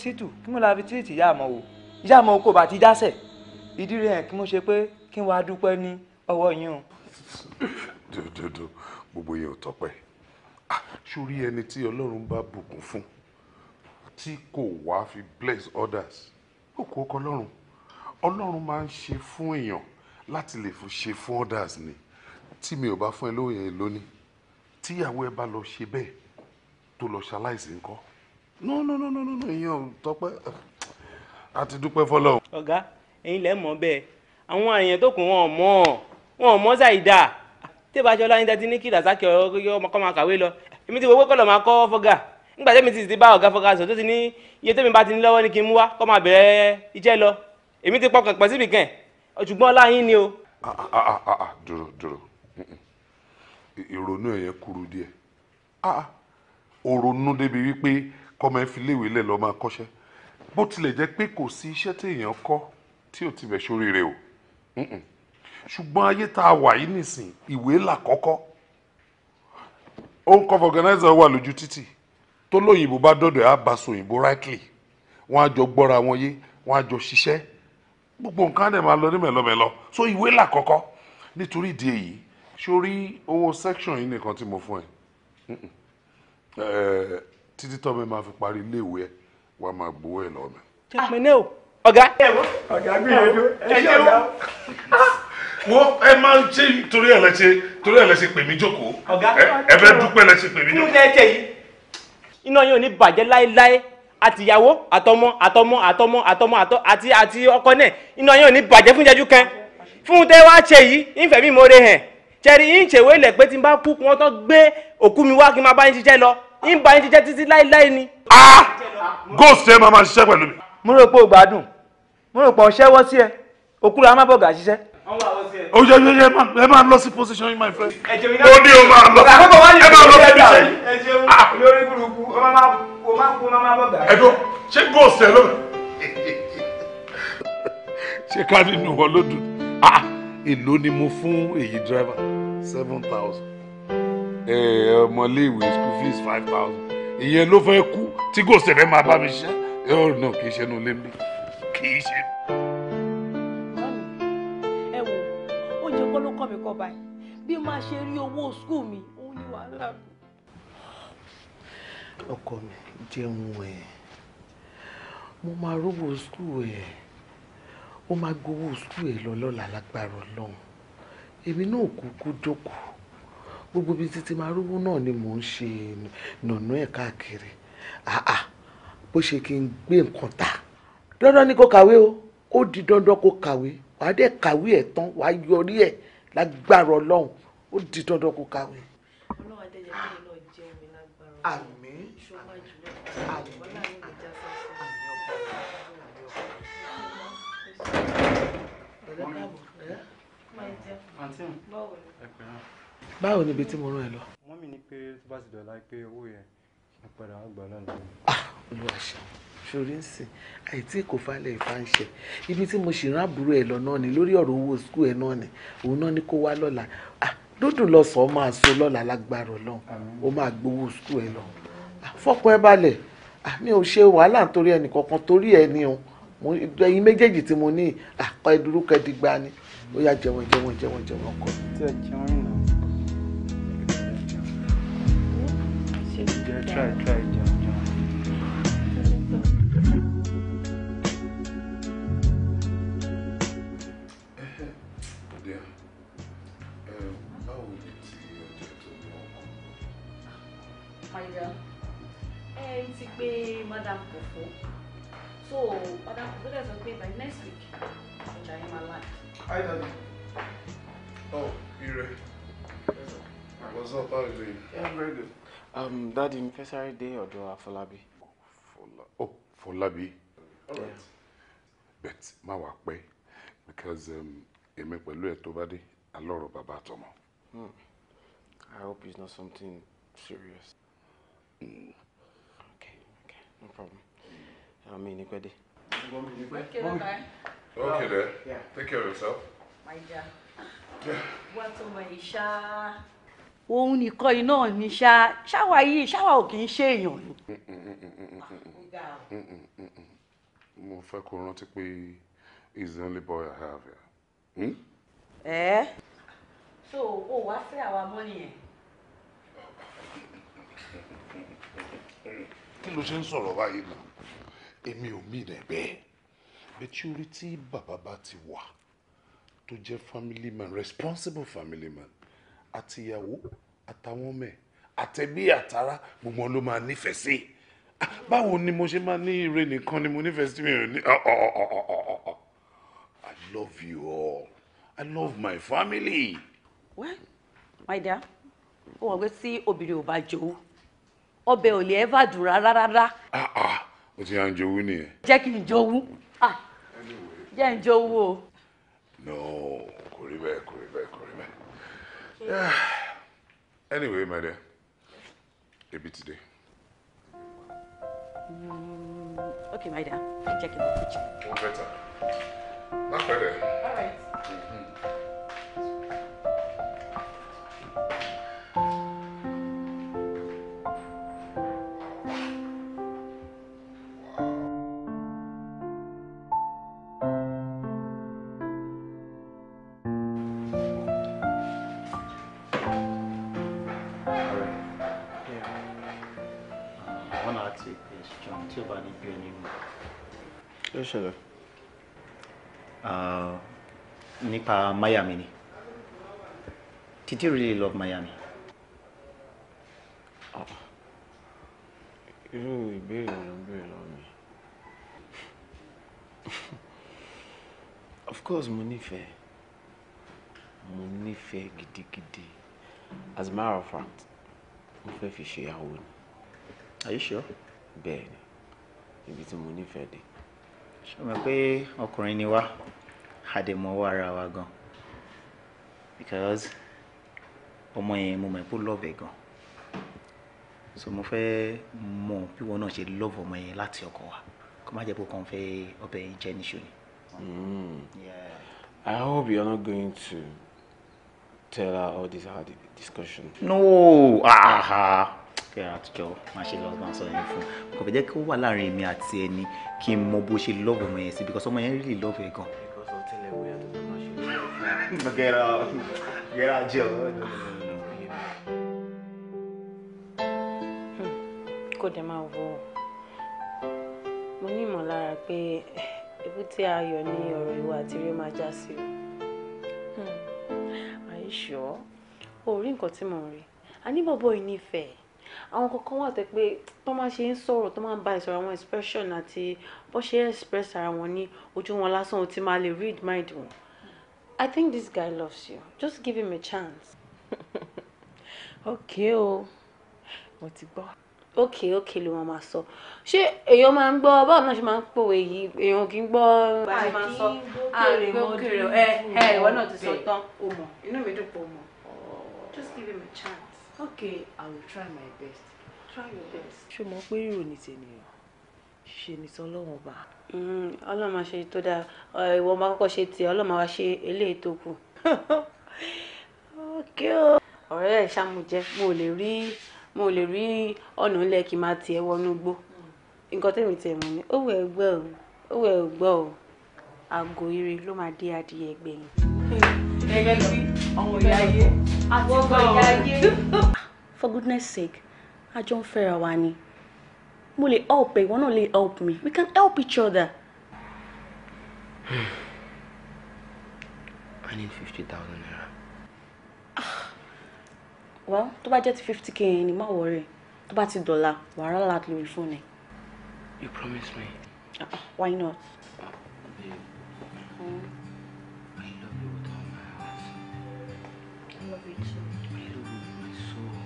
sítù kí mo la fi tírìtì ìyá àmọ́ wò ìyá àmọ́ kò bá ti dásẹ̀ ìdí rẹ̀ kí mo ṣe pé kí n wá dúpẹ́ ní ọwọ́ yín o. dòdòdò gbogbo yẹn ò tọ́pẹ́ sórí ẹni tí ọlọ́run bá bùkún fún tí kò wá fi bless others ó kó ọkọ ọlọ́run ọlọ́run máa ń ṣe fún èèyàn láti lè fi ṣe fún others ni tí mi ò bá fún ẹ lóyè lónìí tíyàwó ẹ bá lọ ṣe bẹ́ẹ̀ tó lọ ṣaláìsí ńkọ́ no no no no no ìyẹn ò tọpẹ́ àti dúpẹ́ fọlọ́run. ọ̀gá ẹ̀yin lẹ́ mọ̀ bẹ́ẹ̀ àwọn àyàn tó kù wọn mọ̀ wọn mọ̀ ṣàìdá tẹ́bàjọ́ láyé dá ti ní kí làzákì ọ̀rọ̀ ọmọ kọ́ máa kàwé lọ èmi ti wọ́pẹ́ kọ́ lọ́ọ́ máa kọ́ fọ́gà nígbà tẹ́mi ti ti bá ọ̀gá fọ́gà sọ tó ti ní iye tẹ́mi bá ti ní lọ́wọ́ ni kí n mú wá kọ́ máa bẹ̀rẹ̀ iṣẹ́ lọ èmi ti pọkàn pẹ̀ síbi kẹ̀ ṣùgbọ́n láyín ni o. Ah, ah, ah, dúró dúró ìrònú ẹ̀yẹ kúrú díẹ̀ ó ronú débi kọ́mọ ẹ fi léèwé lẹ̀ lọ́ọ́ máa kọ́ṣẹ́ bó tilẹ̀ jẹ́ pé kò sí iṣẹ́ tí èèyàn kọ́ tí ò ti bẹ̀ ṣoríire o ṣùgbọ́n ayé tá a wà yìí nìsín ìwé là kọ́kọ́ òun kọ́fọ̀ organizer wà lójú títì tó lóyìnbó bá dọ̀dọ̀ á bá sòyìnbó rightly wọ́n á jọ gbọ́ra wọn yé wọ́n á jọ ṣiṣẹ́ gbogbo nǹkan á dẹ̀ máa lọ ní mẹ̀lọ́mẹ̀lọ́ so ìwé là kọ́kọ́ nítorí ìdí èyí sórí owó section yìí nìkan tí mo fún ẹ títí tọ́mọ máa fi parí iléèwé ẹ wàá máa gbowó ẹ lọ́mọ. jẹ́pinlẹ̀ o ọ̀gá. ọ̀gá gbìyànjú ẹ ṣe ọ̀gá. wo ẹ máa ń ṣe torí ẹ lẹ ṣe torí ẹ lẹ ṣe pè mí jókòó ẹ fẹ́ dúpẹ́ lẹ ṣe pè mí jókòó. kí ló ń tẹ yìí. iná yóò ní bàjẹ́ láéláé àtìyàwó àtọmọ àtọmọ àtọmọ àtọmọ àti àti ọkọ náà iná yóò ní bàjẹ́ fún jẹjú kan fún tẹ wá ṣe yìí ìfẹ́ mi mo re hàn ṣẹ́ni ìṣèwé ilẹ̀ pé tí n bá kú wọn tó gbé òkú mi wá kí n máa bá yín ṣiṣẹ́ lọ ń ba yín ti jẹ́ títí láéláé ni. a ghost ẹ máa máa ṣiṣẹ́ pẹ̀lú mi. mo rò pé o gbádùn mo rò pé ọṣẹ́ wọ́ sí ẹ òkúra má bọ̀gà ṣiṣẹ́. o jẹ jẹ jẹ ẹ máa lọ sí position yín my friend. o ní o máa lọ ẹ máa lọ síbi iṣẹ́ yìí. ẹ ṣeun ah! lórí burúkú o máa kú o máa bọ̀gà. ẹ jọ ṣé ghost ẹ ló ṣe ká nínú wọn ló dùn ah! èló ni mo fún èyí driver seven thousand ọmọléèwé school fees five thousand ìyẹn ló fẹ́ kú tí kò sẹ̀rẹ̀ máa bá mi ṣe ẹ ọ̀ náà kì í ṣe inú ilé mi kì í ṣe. ẹ wo oúnjẹ kọ́ ló kọ́ mi kọ́ báyìí bí máa ṣe rí owó school mi òun ni wàhálà mi. ọkọ mi jẹun ẹ mo máa rówó school ẹ ó máa gbowó school ẹ lọ lọ́la lágbára Ọlọ́run èmi náà kúkú jókòó gbogbo ibi títí máa rówó náà ni mò ń ṣe nànú ẹ̀ káàkiri àà bó ṣe kí n gbé nǹkan ta dandan ni kò kàwé o ó di dandan kò kàwé wàá dẹ̀ kàwé ẹ̀ tán wàá yọrí ẹ̀ lágbára ọlọ́run ó di dandan kò kàwé. ọlọ́run adéjẹ́ báwo ni ibi tí mo rán ẹ lọ. mọ́mí ní pé tó bá ti dọ̀la pé owó yẹn kí n padà wá gbà lọ́nà. Ah, olúwa ṣeun ṣorí ń sìn àìtí kò falẹ̀ ìfàǹṣẹ̀ ibi tí mo sì rán àbúrò ẹ̀ lọ náà ni lórí ọ̀rọ̀ owó skul ẹ̀ náà ni òun náà ni kó wá lọ́la ah, dúdú lọ́sàn-án máa so lọ́la lágbára ọlọ́run ó máa gbowó skul ẹ̀ lọ ah, fọkàn ẹ balẹ̀ mi ò ṣe wàhálà nítorí ẹnìkankan torí ẹ ni o ẹyin méjèèjì tí mo ní àkọ́ ẹdúró kẹdìgbà ni ó yá jẹun jẹun jẹun jẹun ọkọ. tí ẹ jẹun yìí jẹ jẹ try try jẹun jẹun. ti pé so madam kò fún lẹ́sọ̀ by next week ọjà yẹn máa láì. hi daddy oh ire what's up how are you doing yeah, i'm very good. Um, Daddy, mi fẹ́ sáré dé ọ̀dọ̀ Afọlábí. Oh, Fọlábí. All right. Yeah. But má wá pẹ́ because um, èmi pẹ̀lú ẹ̀ tó bá dé alọ́rọ̀ bàbá Hmm. I hope it's not something serious. Mm. Okay, okay, no problem. Àmì ní pẹ́ dé. Okay, bye Okay, there. Yeah. Take care of yourself. My dear. Yeah. What's tún mọ ìṣá òun nìkan iná ní ṣá ṣáwa yìí ṣáwa ò kì í ṣe èèyàn ni. mo fẹ́ kó rántí pé he's the only boy I have here. Hmm? so o wá fẹ́ àwa mọ́ nìyẹn. kí ló ṣe ń sọ̀rọ̀ báyìí náà èmi ò mí rẹ̀ bẹ́ẹ̀ bẹ́tí orí tí bàbá bá ti wà tó jẹ́ family man responsible family man àtìyàwó àtàwọn ọmọ ẹ̀ àtẹ̀bí àtàrà gbogbo ló máa nífẹ̀ẹ́ sí ah, báwo ni mo ṣe máa ní ire nìkan ni mo nífẹ̀ẹ́ sí mi ní ah, ah, I love you all I love my family. Well, my dear ó wọ́n gbé tí obìnrin ò bá jowú ọbẹ̀ ò lè ẹ́ bá dùn rárá rárá. o ti yàn jowú nìyẹn. jẹ́ kí n jowú jẹ́ n jowú o. no kò rí bẹ́ẹ̀ kò rí bẹ́ẹ̀ kò rí Yeah. Anyway, my dear, a bit today. Mm, okay, my dear, check in the kitchen. More better. Not better. ló ṣẹlẹ̀. Uh, nípa Miami ni did you really love Miami. Ah. irú ìbéèrè ló ń béèrè lọ́wọ́ mi. of course mo nífẹ̀ẹ́ mo nífẹ̀ẹ́ gidigidi as a matter of fact mo fẹ́ fi ṣèyàwó ni. are you sure. bẹ́ẹ̀ ni ibi tí mo nífẹ̀ẹ́ dé ṣe pé ọkùnrin ni wá àdèmọ́wọ́ ara wa gan because ọmọ yẹn mo mọ̀ pé gan so mo fẹ́ mọ bí wọn náà ṣe lọ́ọ̀bù ọmọ yẹn láti ọkọ wa kó má jẹ́ pé kàn fẹ́ ọbẹ̀ yẹn jẹ́ níṣó ni. Hmm. I hope you are not going to tell her all this hard discussion. No, aha. Uh -huh kẹrin àtijọ́ máa ṣe lọ́wọ́ máa sọ yẹn fún un kò fẹ́ jẹ́ kó wà láàrin èmi àti ẹni kí n mọ bó ṣe lọ́ọ̀bù ọmọ yẹn sí because ọmọ yẹn really love ẹ Get out, get out, Joe. Hmm. kò dẹ̀ máa wọ̀ ọ́ mo ní ìmọ̀lára pé èbúté ayọ̀ ni ọ̀rọ̀ ìwà àti eré máa já sí o. àìṣọ́ hmm. o rí nǹkan tí mo rí a ní bọ̀bọ̀ yìí nífẹ̀ẹ́ àwọn kankan wà tẹ́ pé tó máa ṣe ń sọ̀rọ̀ tó máa ń ba ìsọ̀rọ̀ àwọn expression àti bó ṣe express ara wọn ní ojú wọn lásán o máa lè read mind wọn. I think this guy loves you just give him a chance. okay o mo ti gbọ́. okay okay ló máa sọ ṣé èèyàn máa ń gbọ́ báwo náà ṣe máa ń pòwe yìí èèyàn kì í gbọ́. àìkí gbókèrè ẹ ẹ ìwọ náà ti sọ tán o mọ̀ inú mi dùn pé o just give him a chance okay i will try my best. try your best. ṣé mo pé ìròyìn tèmi o ṣe ní tọ́lọ́wọ́n bá. Mm, ọlọ́run máa ṣe tó dáa ìwọ máa kọ́kọ́ ṣe tiẹ̀ ọlọ́run máa wá ṣe eléyìí tó kù. ọ̀rẹ́ ẹ̀ ṣàmùjẹ́ mo lè rí mo lè rí ọ̀nà ńlẹ̀ kí n máa tiẹ̀ wọnú gbó nǹkan tẹ̀mí tẹ̀ mú ni ó wẹ̀ gbọ́ ó wẹ̀ gbọ́ àgọ́ ire ló máa dé adìyẹ gbẹ̀yìn. Hmm. for goodness sake a jọ ń fẹ́ra wa help me. ìwọ náà help me we can help each other. I need fifty thousand naira. well to bá jẹ́ fifty k yẹn ni má wọrí tó dollar, ti dọ́là wàhálà lórí fóònù ẹ. you promise me. Uh, why not? Babe. salvation. it my soul.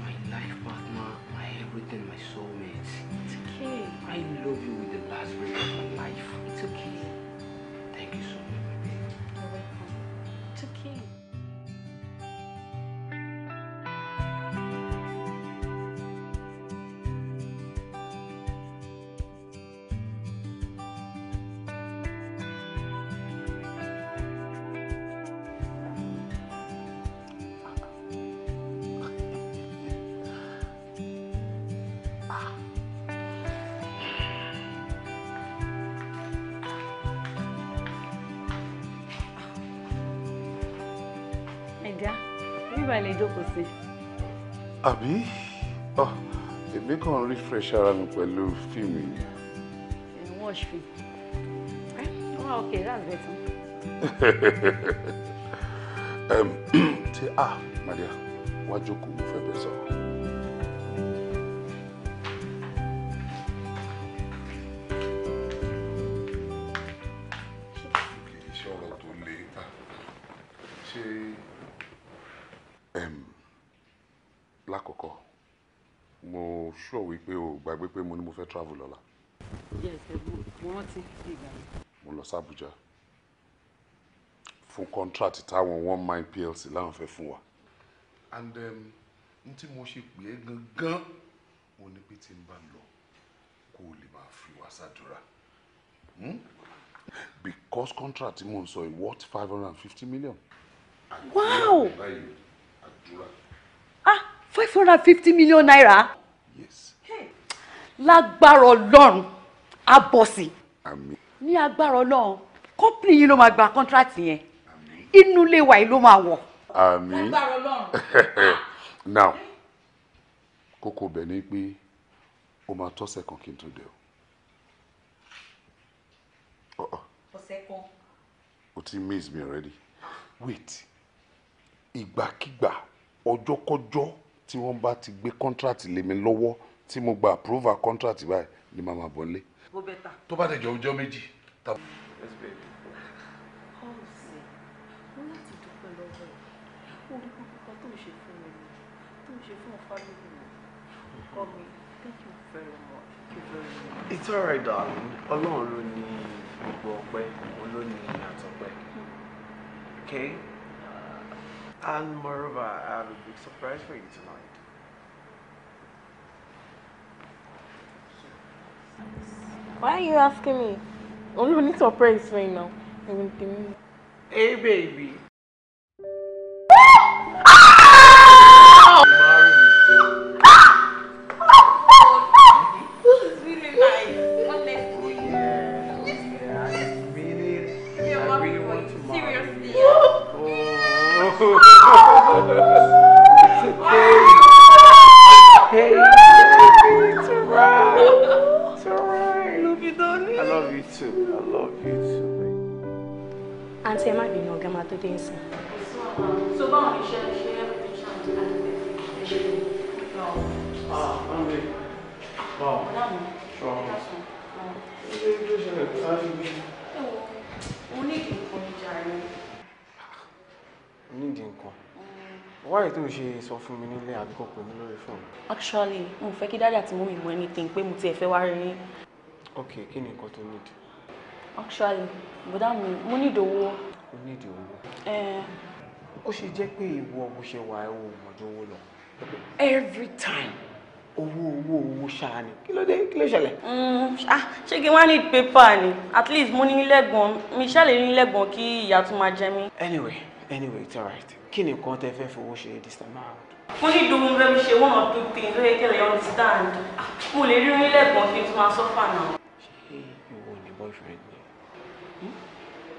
my life partner, my everything, my soulmate. It's okay. I love you with the last breath of my life. It's okay. Thank you so much. báyìí lè jókòó sí. àbí ah, èmi kàn ń refresh ara mi pẹ̀lú fíìmù yìí. watch film wa okay that's better. um, ti ah maria wá jókòó alákọ̀ọ́kọ́ mo ṣọ́ wípé o gbàgbé pé mo ní mo fẹ́ travel lọ́la. yes mo rántí bí mo lọ sí Abuja fún contract táwọn one mind plc láwọn fẹ́ fún wa. and um, n tí mo ṣe pè é gangan mo ní pé tí n bá lọ kó o lè máa fi wá ṣàdúrà. Hmm? because contract tí mo ń sọ yìí worth five hundred and fifty million. wow àdúrà. ah five hundred fifty million naira. yes. lágbára ọlọ́run á bọ̀ sí. àmín. ní agbára ọlọ́run kọ́pìnì yìí ló máa gba kọ́ńtrátì yẹn inú ilé wa yìí ló máa wọ̀. àmín. lágbára ọlọ́run. now kókó bẹ̀ ni pé o máa tọ́sẹ̀ kan kí n tó dé o. Uh-uh. ọ̀sẹ̀ kan. o ti miss me already wait ìgbàkigbà ọjọ́kọ́jọ́ tí wọ́n bá ti gbé contract lé mi lọ́wọ́ tí mo gba approval contract báyìí ni màá máa bọ̀ lé. bó bẹ ta. tó bá dẹ̀ jọ ọjọ́ méjì. yes baby. ọ̀sẹ̀ mo láti dúpẹ́ lọ́wọ́ ẹ̀ orí púpọ̀ tó ń ṣe fún mi tó ń ṣe fún fámìlì mi thank you very much thank you very much. it's alright darling ọlọ́run ló ní gbogbo ọpẹ́ òun ló hmm. okay. And moreover, I have a big surprise for you tonight. Why are you asking me? Only we need surprise for you now. Hey, baby. Ah! àǹtí ẹ má bínú ọ̀gá máa tó dé ń sìn. so báwọn iṣẹ́ ṣe é ṣe é ṣe é Ah, André. Bom. Tchau. Mo ní ìdí nǹkan jàre. Mo ní ìdí nǹkan. Wáyé tó ṣe sọ fún mi nílé àbíkọ́ pè mí lórí fóònù. Actually, mo fẹ́ kí dáadáa tí mo mi mọ anything pé mo tiẹ̀ fẹ́ wá rí yín. Ok, kí ni nǹkan tó need? actually bùdá mi mo nídìí owó. o nídìí owó. Eh. ó ṣe jẹ́ pé ìwọ bó ṣe wà ẹ̀ ò mọ̀jú owó lọ every time owó owó owó ṣáà ni kí ló dé kí ló ṣẹlẹ̀. Mm, ṣé kí wọ́n á need paper ni at least mo ní lẹ́gbọ̀n mi ṣàlè ní lẹ́gbọ̀n kí ìyá tún máa jẹ mí. anyway anyway it's alright kí ni nǹkan tẹ fẹ́ fowó ṣe this time around. mo ní ìdúró bẹ́ẹ̀ mi ṣe one or two things ó yẹ kí ẹ understand ah, mo lè rí orin lẹ́gbọ̀n kí n tún máa sọ́fà náà. ṣé ìwọ ni boyfriend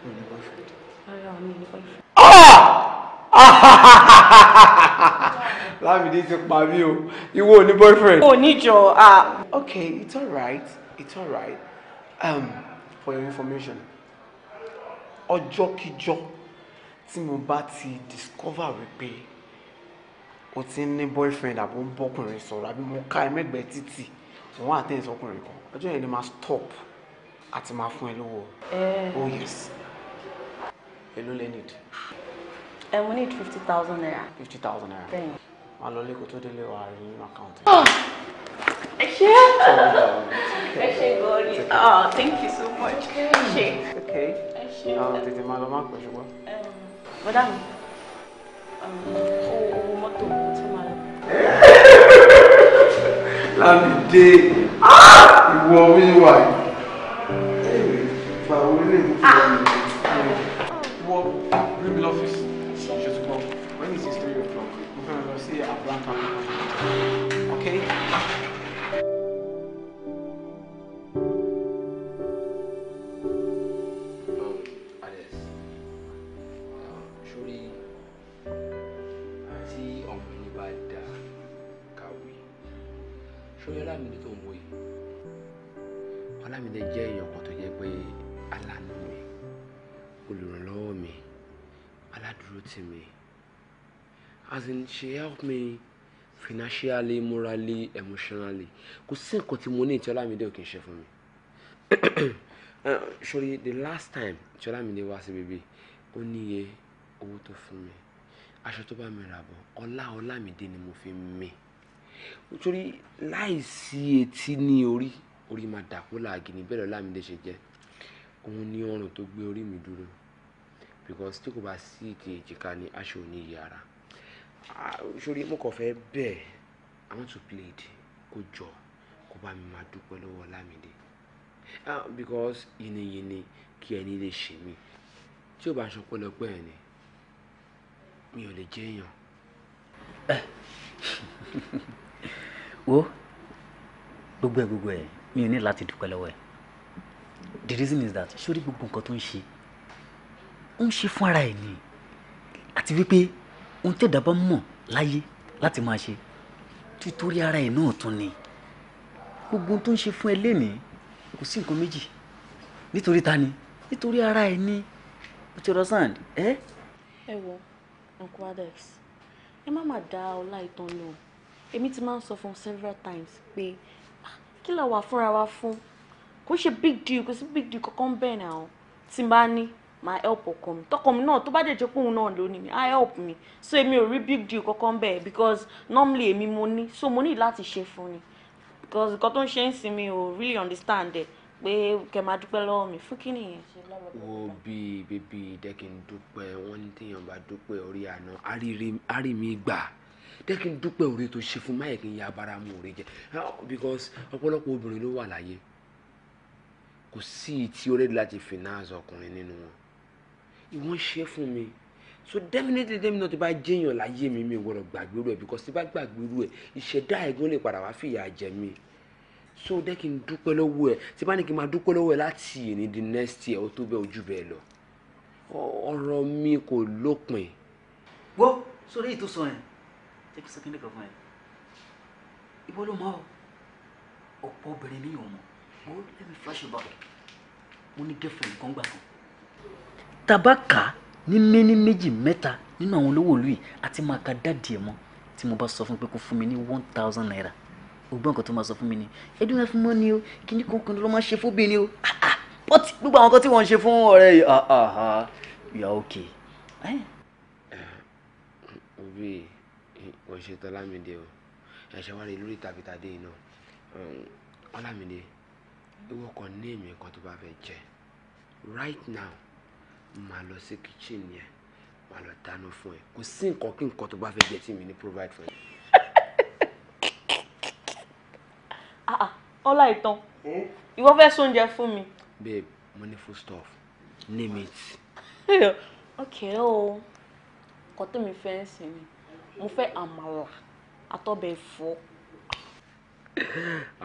mi ní boyfriend. rárá mi ní boyfriend. lámìdí ti pa mí o ìwọ ò ní boyfriend. o níjọ ah okay it's alright it's alright um, for your information ọjọ́kíjọ́ tí mo bá ti discover wípé o ti ní boyfriend àbò ń bọ́kùnrin sọ̀rọ̀ àbí mo ká ẹ mẹ́gbẹ̀ẹ́ títì wọ́n àtẹ̀yìn sọkùnrin kan ọjọ́ yẹn ni máa stop àti máa fún ẹ lówó. Eh. oh yes èló lè need. ẹ mo need fifty thousand naira. fifty thousand naira. bẹ́ẹ̀ni. máa lọ lẹ́kọ̀ọ́ tó délé wàá rí nínú àkáǹtì. Ah! ẹ ṣe ẹ ṣe gọ́ọ̀rì ah, thank you so much ẹ ṣe. ok ẹ ṣe àwọn tètè máa lọ máa pè ṣùgbọ́n. bọ́dà mi um, owó mọ́tò tó máa lọ. lámìdé ah! ìwọ mi wà yìí. to me. As in, she helped me financially, morally, emotionally. Because since nǹkan money, mo ní tí Ọlámídé for me. Surely the last time tí Ọlámídé wá sí baby, ó níye owó for me. mi. Aṣọ tó bá mi rà bọ̀, ọlá ni mo fi mí. Nítorí láìsí etí ní ori orí máa dàpọ̀ làgìnì bẹ́ẹ̀ lọ́lámídé ṣe jẹ́. Òun ni ọrùn tó gbé orí mi dúró because tí kò bá sí ìdí èjìká ni aṣọ ò ní yàrá sori mo kàn fẹ́ bẹ́ẹ̀ i want to plead kó jọ kó bá mi máa dúpẹ́ lọ́wọ́ Lámídé because yìnyínyìnyín kí ẹni lè ṣe mí tí ò bá aṣọ pẹ́lẹpẹ́ ẹ̀ ni mi ò lè jẹ́ èèyàn. wo gbogbo ẹ gbogbo ẹ mi ò ní láti dúpẹ́ lọ́wọ́ ẹ the reason is that sori gbogbo nǹkan tó ń ṣe ó ń ṣe fúnra ẹ̀ ni àti wípé ohun tí ẹ̀dá bá mọ̀ láyé láti máa ṣe títorí ara ẹ̀ náà tún ni gbogbo ohun tó ń ṣe fún ẹ lénìí kò sí nǹkan méjì nítorí ta ni nítorí ara ẹ ní o ti understand ẹ. ẹ wo uncle Alex ẹ má máa da ọlá ìtàn lò èmi ti máa ń sọ fún several times pé ah, kí la wà fúnra wa fún kò ṣe big deal kò sí big deal kankan bẹ́ẹ̀ náà tí n bá ní máa help ọkọ mi tọkọ mi náà tó bá jẹjẹ pé òun náà ló mi á help mi so èmi ò rí big deal kankan bẹ́ẹ̀ because normally èmi mo ní so mo ní láti ṣe fún ni because nǹkan tó ń ṣe ń sin mi ò really understand ẹ̀ pé kẹ máa dúpẹ́ lọ́wọ́ mi fún kí nìyẹn. wo bí bébí dẹ́kin dúpẹ́ wọ́n ní téèyàn bá dúpẹ́ orí àná àrí mi gbà dẹ́kin dúpẹ́ orí tó ṣe fún máyẹ̀ kí n ya abara mu orí jẹ ah, because ọ̀pọ̀lọpọ̀ obìnrin ló wà láyé kò sí ìtí orí láti finance ọkùnrin nínú wọn You ń share for me, so definitely definitely náà ti bá jẹyàn láyé mi mi gbọ́dọ̀ gbàgbé rẹ because tí bá gbàgbé rẹ ìṣẹ̀dá ẹ̀gbọ́n lè padà wá fìyà jẹ mi so dẹ́ kí n dúpẹ́ lọ́wọ́ ẹ tí bá ní kí n máa dúpẹ́ lọ́wọ́ ẹ láti èní di next year ó tó bẹ́ẹ̀ ojú bẹ́ẹ̀ lọ ọ̀rọ̀ mi kò lópin. wo sórí ìtúsọ yẹn jẹ́ kí sọ́kíndé kan fún ẹ ìwọ ló mọ̀ ọ̀pọ̀ obìnrin ní ìwọ̀n mọ̀ let me flash you back mo ní girlfriend kan gbà Tabaka, kà á ní méní méjì mẹ́ta nínú àwọn olówó ìlú yìí àti máa ka dáàdì ẹ̀ mọ́ tí mo bá sọ fún pé kó fún mi ní one thousand naira ògbọ́n nǹkan tó máa sọ fún mi ni ẹdún náà fún mọ́ ni o kí ni kankan ló máa ṣe fún bí ni o pọ́tì ah, ah, gbogbo àwọn kan tí wọ́n ń ṣe fún ọ̀rẹ́ yìí yà ókè. òbí ò ṣe tán lámìdé o ẹ̀ṣẹ̀ wá rí lórí tàbí tàdé yìí náà um, ọlámìdé ìwọ kan ní èmi kan tó bá fẹ́ jẹ right now máa lọ sí kitchen yẹn máa lọ dáná fún ẹ kò sí nǹkan kí nǹkan tó bá fẹ́ jẹ tí mi ní provide fún ẹ. Ah, ah, ọlá ìtàn hm? ìwọ fẹ́ sóúnjẹ fún mi. babe mo ní food stuff name it. okay o nǹkan tó mi fẹ́ ń sìn ni mo fẹ́ àmàlà àtọ́bẹ̀ ẹ̀fọ́.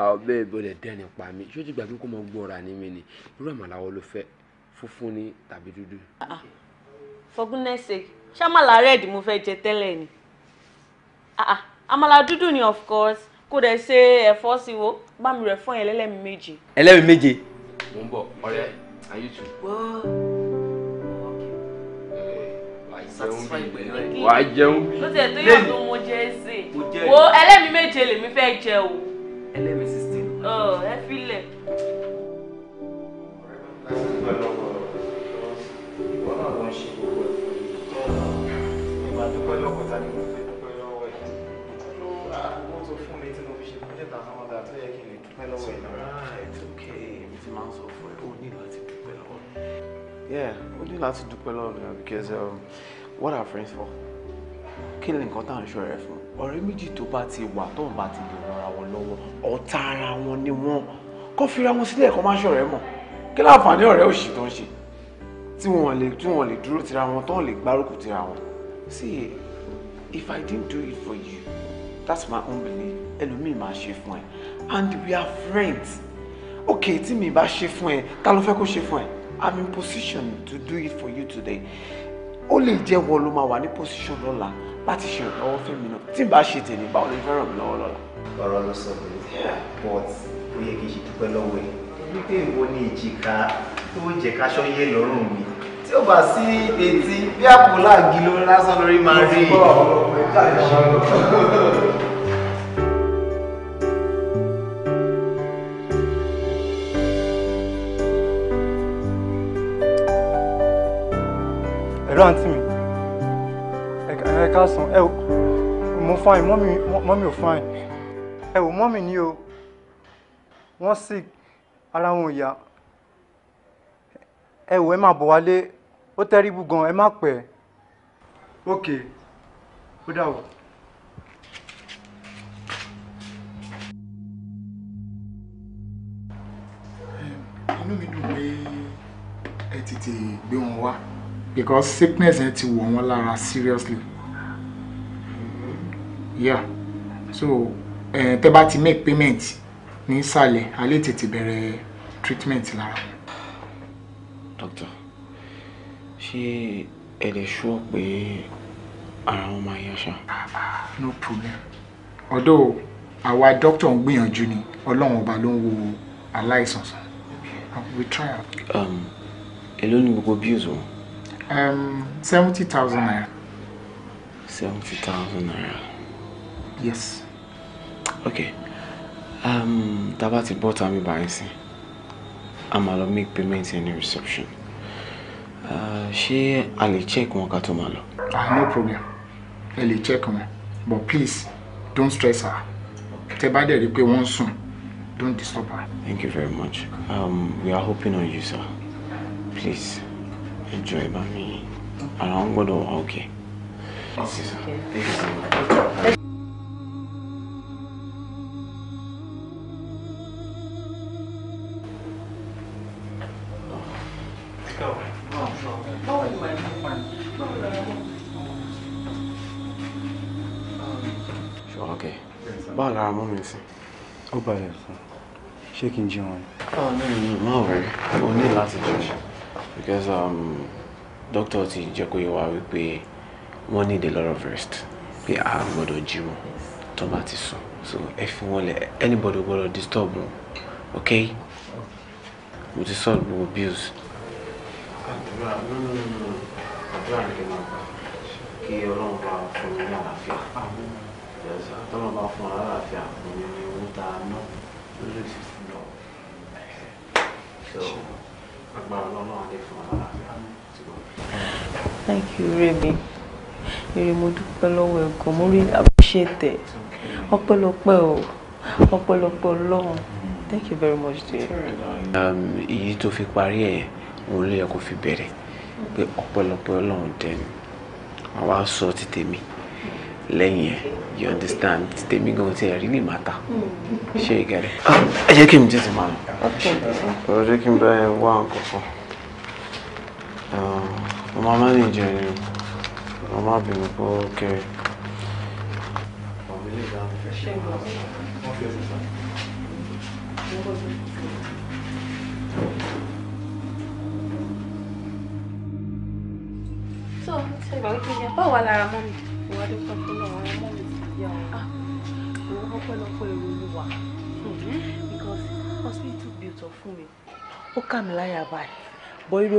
àwọn ah, bẹ́ẹ̀ bọ́dẹ̀ dẹ́ni pa mi ṣé o ti gbàgbé kó mọ gbọ́ra ní mi ni irú àmàlà wo ló fẹ́ funfun ni tàbí dúdú. Ah, ah. for goodness sake ṣàmàlà red mo fẹ́ jẹ tẹ́lẹ̀ ni amala ah, dúdú ni of course kò dẹ̀ ṣe ẹ̀fọ́ sí wo bá mi rẹ̀ fún ẹ̀ lẹ́lẹ́mi méje. ẹlẹ́mi méje. mo ń bọ̀ ọ̀rẹ́ ayé tù. wàá jẹun bí. ló tiẹ̀ tó yọ̀ tó mo jẹ ẹ́ sè. wo ẹlẹ́mi méje lèmi fẹ́ jẹ o. ẹlẹ́mi sixteen. Oh, ẹ filẹ̀. lọ́wọ́ yìí náà. it's okay èmi ti máa ń yeah ó ní láti dúpẹ́ lọ́wọ́ mi because um, what are friends for? Killing ni and tá à ń ṣọ́ rẹ fún? ọ̀rẹ́ méjì tó bá ti wà tóun bá know. Or ràn I wọn lọ́wọ́ ọ̀tá ara wọn ni wọ́n kó fira wọn sílẹ̀ kó má ṣọ̀rẹ́ mọ́ kí láǹfààní ọ̀rẹ́ òṣì tó ń ṣe tí wọ́n lè tí wọ́n see if I didn't do it for you that's my own belief ẹlòmíì máa my fún ẹ and we are friends okay Tell me about ṣe fún ẹ ta ló fẹ́ kó i'm in position to do it for you today Only lè jẹ́ wọ́n ló máa wà ní position lọ́la láti ṣe ìrànlọ́wọ́ fún mi náà tí n bá ṣe tèmi báwo lè lola. mi lọ́wọ́ lọ́la. ọ̀rọ̀ ló sọ pé but ó yẹ kí n ṣe dúpẹ́ lọ́wọ́ ẹ̀ wípé ìwọ ni èjìká tó jẹ́ káṣọ yé lọ́rùn mi tí ó bá sí etí bí àpò láàgì ló lásán lórí máa rí i. pẹ̀lú àǹtí mi ẹ káàsán ẹ mo fine mọ́mì ò fine ẹ wò mọ́mì ni o wọ́n sì ara wọn ò yá ẹ wò ẹ máa bọ̀ wálé ó tẹ́rìbù gan ẹ má pẹ́ ok ó dà wọ̀. because sickness yẹn ti wọ̀ wọ́n lára seriously yeah so eh, tẹ́ bá ti make payment ní ìsàlẹ̀ a lè tètè bẹ̀rẹ̀ treatment lára. doctor ṣé ẹ lè ṣọ́ pé ara wọn máa yá ṣá. no problem although àwa doctor ń gbìyànjú ni ọlọ́run ọba ló ń wo aláìsàn sàn we try out. Um, èló ni gbogbo bills wọn. Um, 70,000 naira. 70,000 naira? Yes. Okay. Um, tá a bá ti bọ́ tàmí báyìí sí, a máa lọ make payment ní reception. Uh, ṣé a check wọn ká tó Ah, no problem. Ẹ check wọn. But please, don't stress her. Tẹ́ bá pay one soon. don't disturb her. Thank you very much. Um, we are hoping on you, sir. Please. Enjoy by me. okay. ẹjọ́ ẹ bá mi ara ń gbọ́dọ̀ wà òkè. báwo lára mọ́ mi sí. ó balẹ̀ fún ṣé kí n jí wọn. báwo ni mo máa wẹ̀rẹ̀ o ní láti jọ ṣe because um, doctor ti jẹ́ kó yé wa wípé wọ́n need a lot of rest pé a gbọ́dọ̀ jí wọn tó bá ti sùn so ẹ fi wọn lẹ̀ anybody gbọ́dọ̀ disturb wọn ok mo ti sọ gbogbo bills. àdúrà thank you remy èrè mo dúpẹ́ lọ́wọ́ ẹ̀kọ́ mo rí appreciate ẹ̀ o ọpẹ́lọpẹ́ ọlọ́run thank you very much dear. Um, èyí tó fi parí ẹ̀ òun ló yẹ kó fi bẹ̀rẹ̀ pé ọpẹ́lọpẹ́ ọlọ́run dẹ́nu àwa sọ ti lẹ́yìn ẹ̀ you understand tèmi gan ti ẹ̀ really matter ṣé you get it. ẹ jẹ́ kí n tètè máa lọ. ọ̀rọ̀ jẹ́ kí n bá ẹ wá nǹkan kan mo máa má ní jẹ ni mo má bínú pé ó kéré. báwo wà lára mọ́ mi wá because hospital too beautiful. fún mi ó kà mí láyà báyìí bọ́ irú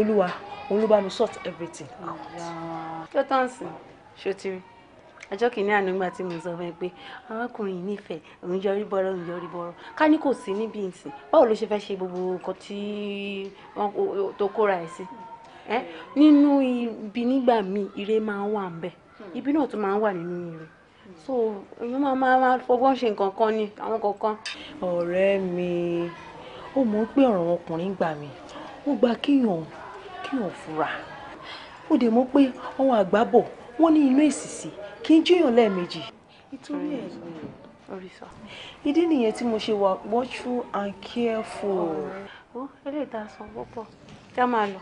olúwa òun sort everything out. kí ó tán sìn I ti rí ọjọ́ kìíní àná nígbà tí mo sọ fún ẹ pé arákùnrin yìí nífẹ̀ẹ́ òun yọrí bọ́rọ̀ òun yọrí bọ́rọ̀ ká ní kò sí níbi ìsìn báwo ló ṣe fẹ́ ṣe gbogbo nǹkan tí wọ́n tó kóra ẹ̀ sí nínú ibi ibi náà tún máa ń wà nínú ire so èèyàn máa máa máa fọgbọ́n ṣe nǹkan kan ni àwọn kankan. ọ̀rẹ́ mi ó mọ̀ pé ọ̀rọ̀ ọkùnrin gbà mí ó gba kíyàn kíyàn fura ó dẹ̀ mọ̀ pé ọ̀hún àgbábọ̀ wọ́n ní inú èsìsì kì í jíyàn lẹ́ẹ̀mejì. nítorí ẹ̀ ọ̀rìṣà ìdí nìyẹn tí mo ṣe wà watchful and careful. ó eléyìí tá a sọ púpọ̀ kí a máa lọ.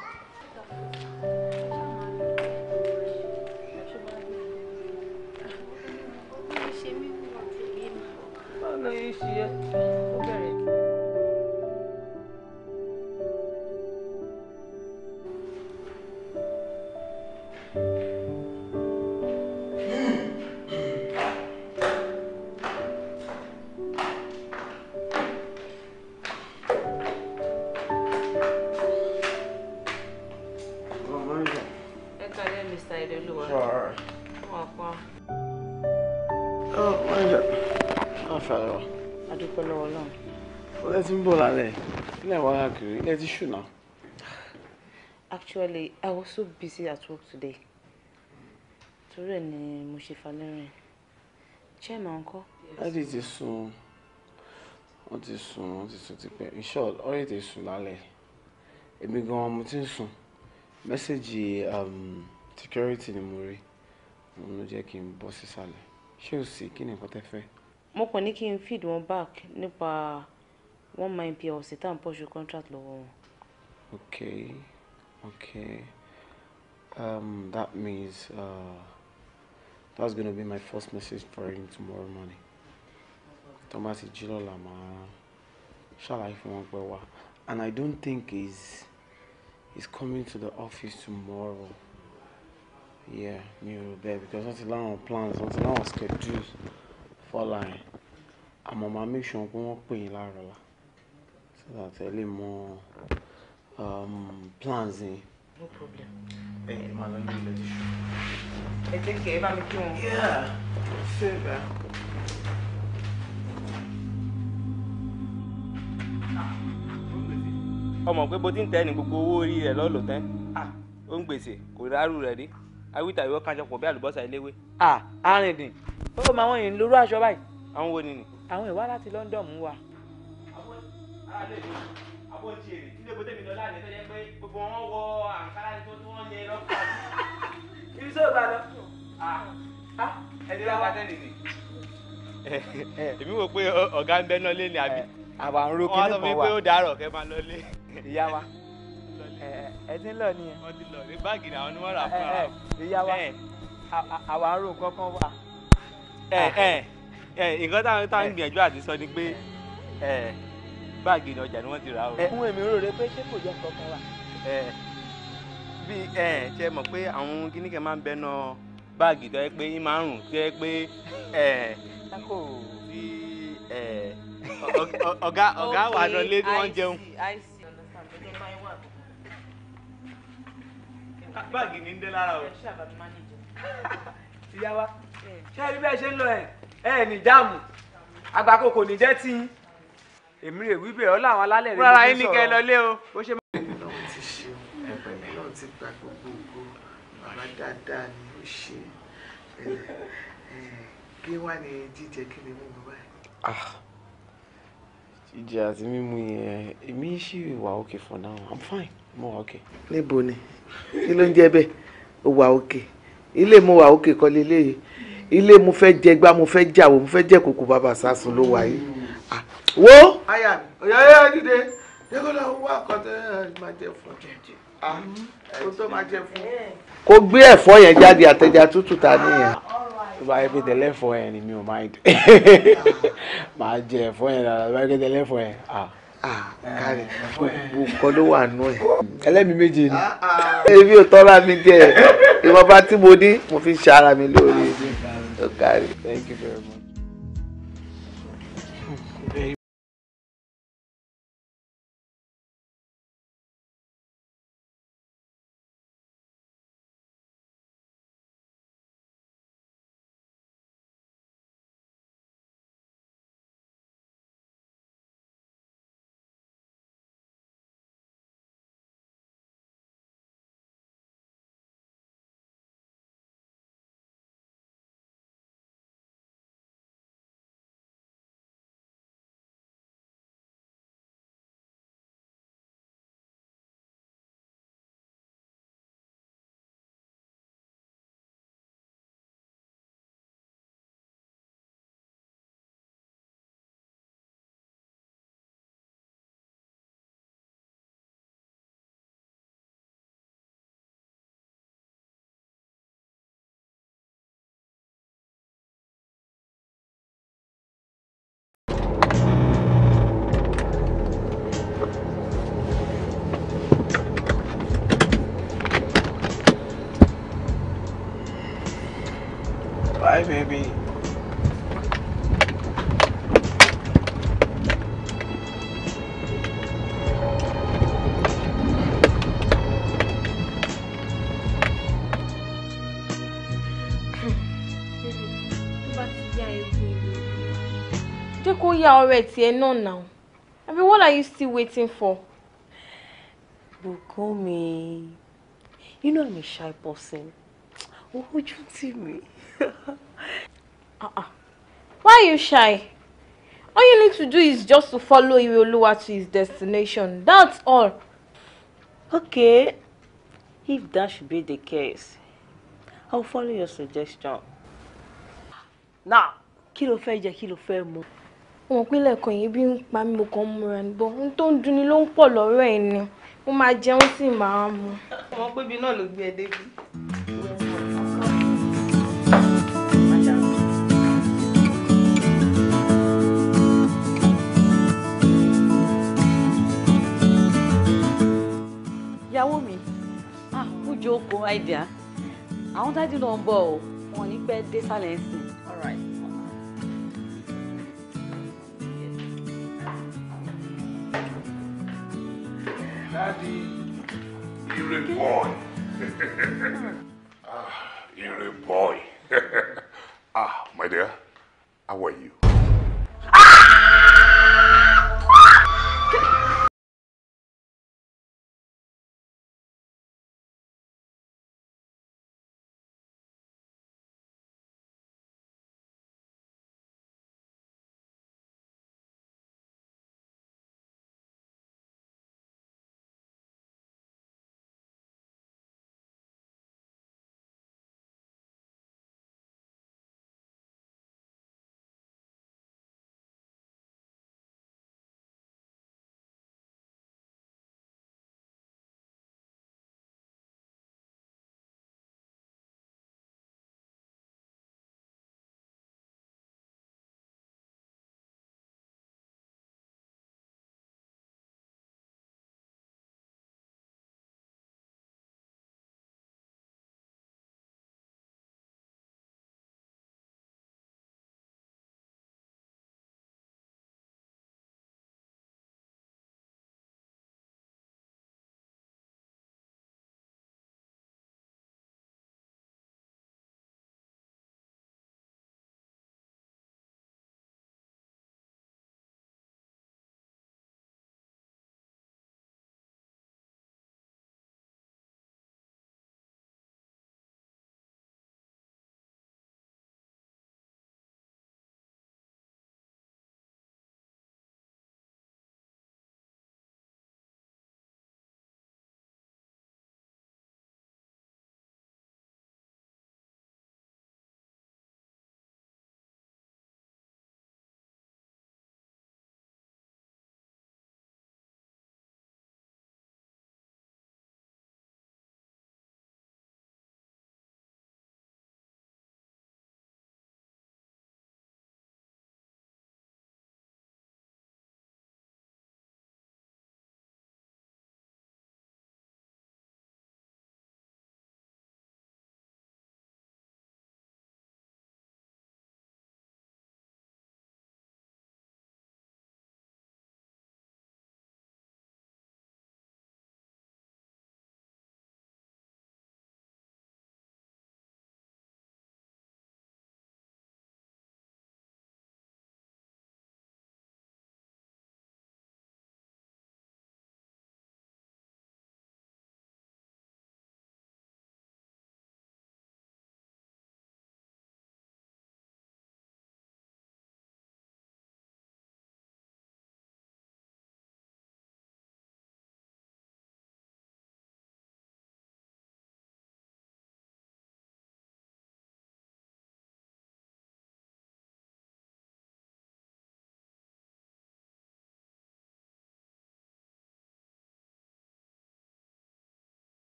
姐。issue now? Actually, I was so busy at work today. Torí ẹ̀ ni mo ṣe falẹ́rìn. What is this ti What is this sùn, wọ́n ti sùn tipẹ́. In short, all ti sùn lálẹ́. Èmi gan-an mo ti ń sùn. Mẹ́sẹ̀gì um, security ni mo rí. Òun ló jẹ́ kí n bọ́ sísàlẹ̀. Ṣé o sì kí ni nǹkan tẹ́ fẹ́? Mo kàn ní kí feed wọn back nípa one million plc tá à ń pọ̀ṣù contract lọ́wọ́ Okay, okay. Um, that means uh, that's gonna be my first message for him tomorrow morning. Thomas Ijilola, shall I from And I don't think he's he's coming to the office tomorrow. Yeah, me there because not a lot of plans, not a lot of schedules for line. I'm gonna make sure I'm gonna pay you so that's I tell more um, plans yín. no problem. ẹ eh, ẹ máa lọ ní ilé iṣu. ẹ jẹ́ kí ẹ bá mi kí wọn. ṣé ìgbà. Ah. ọmọ pé bó ti ń tẹ́ ni gbogbo owó orí rẹ̀ lọ́ọ́ lò tán ah, ó ń gbèsè kò rárú rẹ̀ rí awítà ìwọ kan jọpọ̀ bí àlùbọ́sà eléwé. à ah, arìndìn ó máa wọ́n yìí lóru aṣọ báyìí. àwọn wo ni ni. àwọn ìwá láti London mú wa. àwọn àlejò kó n jèrè nílé bó tèmi lọ láàyè tó yẹ pé gbogbo wọn wọ àǹkárá ni tó tó wọn yẹ lọ́kọ̀ àti ibi sọ̀rọ̀ bá lọ. ẹni láwa tẹ́lẹ̀ ni. èmi wò pé ọ̀gá ń bẹ́ náà lé ní àbí. àwa ń ro kíní kan wà. wọ́n á sọ fún mi pé ó dàárọ̀ kẹ́ máa lọ lé. ìyá wa ẹ ti ń lọ nìyẹn. wọ́n ti lọ ní báàgì ni àwọn onímọ̀ rà fún ara. ìyá wa àwa ń ro kankan wà. nǹkan táwọn táwọn gbìyànjú àti sọ ni pé báàgì ní ọjà ni wọ́n ti rà o. ẹ̀hún èmi rò rẹ pé ṣé kò jẹ́ kankan wà. ẹ bí ẹ mọ̀ pé àwọn gíníkẹ́ máa ń bẹnu báàgì tó yẹ pé ń máa ń rùn tó pé ẹ ẹ wà lọ jẹun. báàgì ń dé lára o. ìyá wa ṣé ẹ èmi rè wíbẹ̀ ọ́ làwọn alálẹ̀ rẹ̀ ló rárá yín ní kẹ́ lọ lé o bó ṣe máa. ẹ̀mí náà ti ṣe o ẹ̀mí náà ti gba gbogbo ògo bàbá dáadáa ni ó ṣe kí wàá ní jíjẹ kí ni mú bàbá yìí. Ah, jíjẹ àti mímu yẹn èmi ṣì wà okay for now i'm fine mo wà okay. níbo ni kí ló ń jẹ bẹ́ẹ̀ ó wà okay ilé mo wà okay kọ́lé ilé yìí ilé mo fẹ́ jẹ gbá mo fẹ́ jà mo fẹ́ jẹ kókó bàbá sásùn ló wà yìí wo. aya mi ọ̀yà yẹ́ dìde dẹ́gbẹ́lá wà kọ́tẹ́ máa jẹ fún ọ ah, tó máa jẹ fún. kó gbé ẹ̀fọ́ yẹn jáde àtẹja tútù ta nìyẹn. tó bá yẹ pé tẹ̀lé ẹ̀fọ́ yẹn ni mi ò máa dùn máa jẹ ẹ̀fọ́ yẹn dáadáa tó bá yẹ pé tẹ̀lé ẹ̀fọ́ yẹn ah. ah, kárẹ̀ nǹkan ló wà nù ẹ̀. ẹlẹ́mi méje ni. ebi ò tọ́ra mi díẹ̀ ìwọ̀nba tí mo ní mo fi ń ṣe ara mi lóore. ó thank you very much. pé jẹ́ you yá ọ̀rẹ́ tiẹ̀ náà now I mean what are you still waiting for. Bùkúnmi you know I'm a shy person Would you see me? Ah, ah. Why are you shy? All you need to do is just to follow Iweoluwa to his destination. That's all. Okay. If that should be the case, I'll follow your suggestion. Now, kilo ló kilo fe kí ló fẹ́ mu. Wọ́n pé lẹ́ẹ̀kan yìí bí ń pa mo kàn múra ní bọ́. Ohun tó ń dunni ló ń pọ̀ lọ́rọ̀ ẹ̀ ni. Mo máa jẹun sì máa mu. Wọ́n pé bí náà ló gbé ẹ débi. ìyàwó mi ah kújọ oko idea àwọn dájú náà ń bọ̀ o wọn ní pẹ́ dé sálẹ̀ ń sìn. all right. Daddy, you're boy. ah, you're boy. ah, my dear, how are you?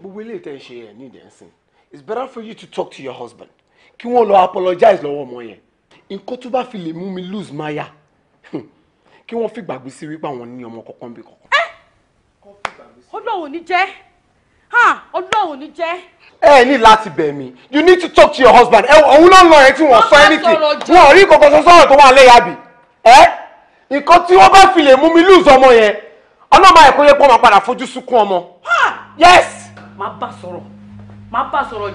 gbogbo ilé tẹ́ ṣe ẹ̀ ní ìdẹ́sìn it's better for you to talk to your husband kí wọ́n lọ apologize lọ́wọ́ ọmọ yẹn nǹkan tó bá fi lè mú mi lose maya hmm. kí wọ́n fi gbàgbé sí wípé àwọn ní ọmọ kọ̀ọ̀kan bí kọ̀ọ̀kan. Eh! ọlọ́run ní jẹ́ ọlọ́run ní jẹ́. ẹ ní láti bẹ̀ mí you need to talk to your husband òun ló ń lọ yẹn tí wọ́n sọ anything wọn ò rí kankan sọ sọ́rọ̀ tó wà lẹ́yà bì ẹ́ nǹkan tí wọ́n bá fi lè mú mi lose ọmọ yẹn ọlọ́mọ ẹ̀kọ́ yẹ pọ́n máa padà fojú sunkún ọmọ yes máa bá sọ̀rọ̀ máa bá sọ̀rọ̀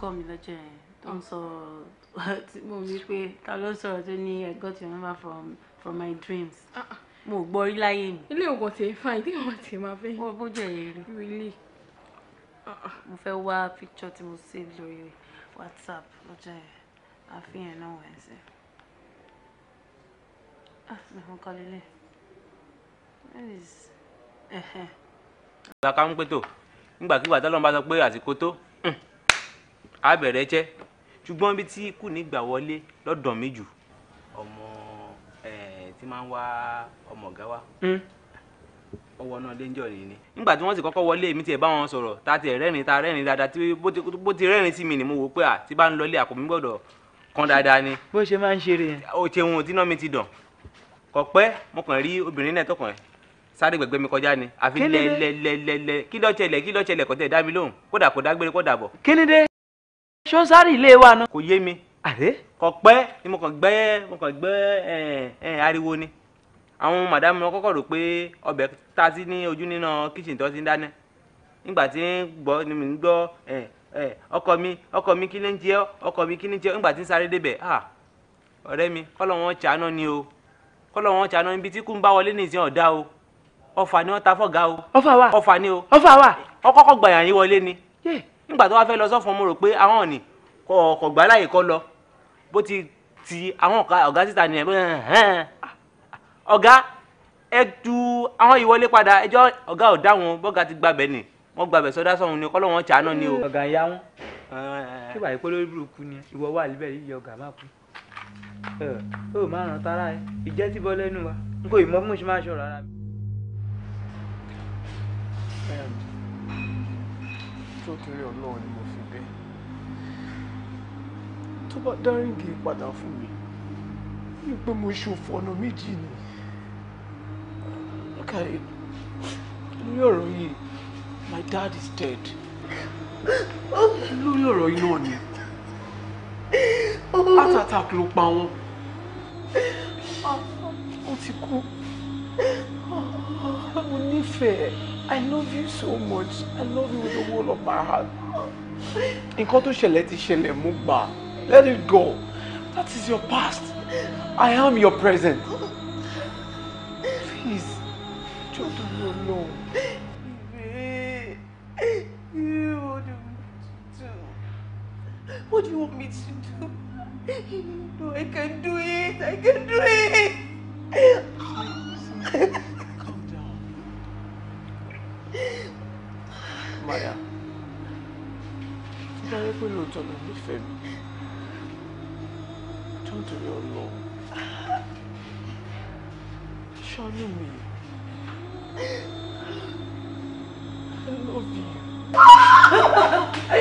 kọ́ mi lọ́jọ́ yẹn tó ń sọ mo ní pé ta ló sọ̀rọ̀ tó ní I got your number from from my dreams ah, ah. mo gbọ́ rí láyé mi. ilé ògùn ti fa ìdí àwọn ti máa fẹ́. wọ́n bójú ẹ̀yẹ rí. really. Ah, mo fẹ́ wá picture tí mo save lórí WhatsApp lọ́jọ́ yẹn àfihàn náà wẹ̀ sí. mo kọ́ lélẹ̀. làkàmú pé tó nígbàkigbà tọ́lọ́mù bá sọ pé àsìkò tó abẹ̀rẹ̀ jẹ́ ṣùgbọ́n bí tí kù ní gbà wọlé lọ́dọ̀ mi jù ọmọ tí máa ń wá ọmọ ọ̀gá wa ọwọ́ hmm. náà léńjọ́ ni ni. nígbà tí wọ́n sì kọ́kọ́ wọlé èmi tiẹ̀ bá wọn sọ̀rọ̀ ta tiẹ̀ rẹ́rìn ta rẹ́rìn dáadáa tí bó ti rẹ́rìn sí mi ni mo wò pé à tí bá ń lọlé àpò mi gbọ́dọ̀ kan dáadáa ni. bó ṣe máa ń ṣeré yẹn. o ṣeun ò tí náà mi ti dàn kò pẹ́ mo kàn rí obìnrin náà tọkàn ẹ̀ sáré gbẹ̀gbẹ́ mi kọjá ni àfi lẹ́lẹ́lẹ́lẹ́ kí ló ṣẹlẹ̀ kí ló ṣẹlẹ̀ kò dá mi lóhùn kódà kò dágbére kó dàbọ̀. kílódé ṣé ó sáré ilé wa náà. kò yé mi kò pẹ́ ni mo kàn gbẹ́ mo kàn gbẹ́ ariwo ni àwọn màdámù wọn kọ́kọ́ rò pé ọbẹ̀ ta sí ní ojú nínú kíchìn tó ti ń dáná nígbà tí ń gbọ́ ni mi ń gbọ́ ọkọ mi ọkọ mi kí ló ń jẹ ọkọ mi kí ló ń jẹ nígbà tí ń sáré débẹ̀ ọ̀rẹ́ mi kọ́lọ̀ wọn ṣàánú ni o kọ́lọ̀ wọn ṣàánú níbi tí kú ń bá wọlé ní ìsìn ọ̀dá o ọfà ni wọ́n ta fọ́gà o ọfà wa ọfà ni o ọfà wa ọkọ́kọ́ gbàyàn yín wọlé ni nígbà tó wá fẹ́ lọ sọ́fún mo rò pé àwọn ni kò gbà láyè kọ́ lọ bó ti ti àwọn ọ̀gá síta nìyẹn bó hàn ọ̀gá ẹ tu àwọn ìwọlé padà ẹjọ́ ọ̀gá ò dá wọn bọ́gà ti gbàbẹ̀ nì wọ́n gbàbẹ̀ sọdá sọ̀run ni kọ́lọ́ wọn ṣàánú ni o. ọ̀gá ìyá wọn kí wàá pé lórí burúkú ni ìwọ wà níbẹ̀ yíyọ ọ̀gá má kú ó máa ràn tara ẹ ìjẹ́ ti bọ́ lẹ́nu wa n kò ì mọ́ bí mo ṣe máa ṣọ̀rọ̀ ara mi jọ́ torí ọlọ́run ni mo fi bẹ́ẹ̀ tó bá dáríǹgì padà fún mi ní pé mo ṣòfò ọ̀nà méjì ni lókàrí lórí ọ̀rọ̀ yìí my dad is dead lórí ọ̀rọ̀ yìí náà ni heart attack ló pa wọn ó ti kú mo nífẹ̀ẹ́. I love you so much. I love you with the whole of my heart. Nǹkan tó ṣẹlẹ̀ ti ṣẹlẹ̀ mú gbà. Let it go. That is your past. I am your present. Please, just jọ dúró lọ. What do you want me to do? No, I can do it. I can do it. lóòótọ́ ló nífẹ̀ẹ́ mi tó to torí alone. Show me. I love you.